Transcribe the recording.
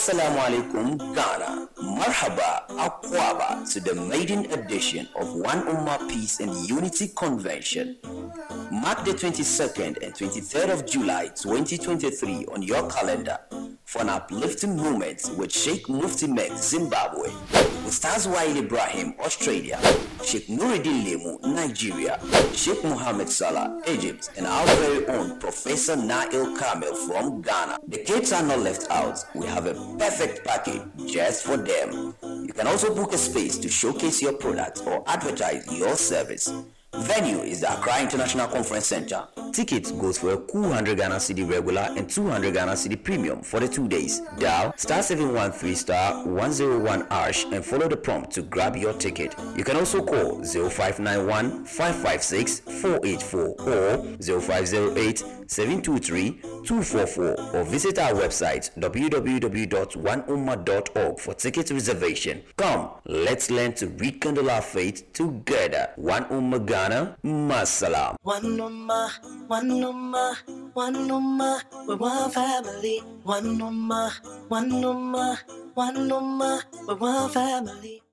Assalamu alaikum Ghana. Marhaba Akwaba to the maiden edition of One Umma Peace and Unity Convention. Mark the 22nd and 23rd of July 2023 on your calendar for an uplifting moment with Sheikh Mufti Mek, Zimbabwe, Ustaz Waid Ibrahim, Australia, Sheikh Nuruddin Lemu, Nigeria, Sheikh Mohammed Salah, Egypt, and our very own Professor Nail Kamel from Ghana. The kids are not left out. We have a perfect package just for them. You can also book a space to showcase your product or advertise your service. Venue is the Accra International Conference Center. Tickets goes for a 200 Ghana City regular and 200 Ghana City premium for the two days. Dial star 713 star 101 ash and follow the prompt to grab your ticket. You can also call 0591 556 484 or 0508 723 244 or visit our website www.oneumma.org for ticket reservation. Come, let's learn to rekindle our faith together. One umma, Ghana, Masalam. One umma, One umma, One umma, we're one family. One umma, One umma, One umma, we're one family.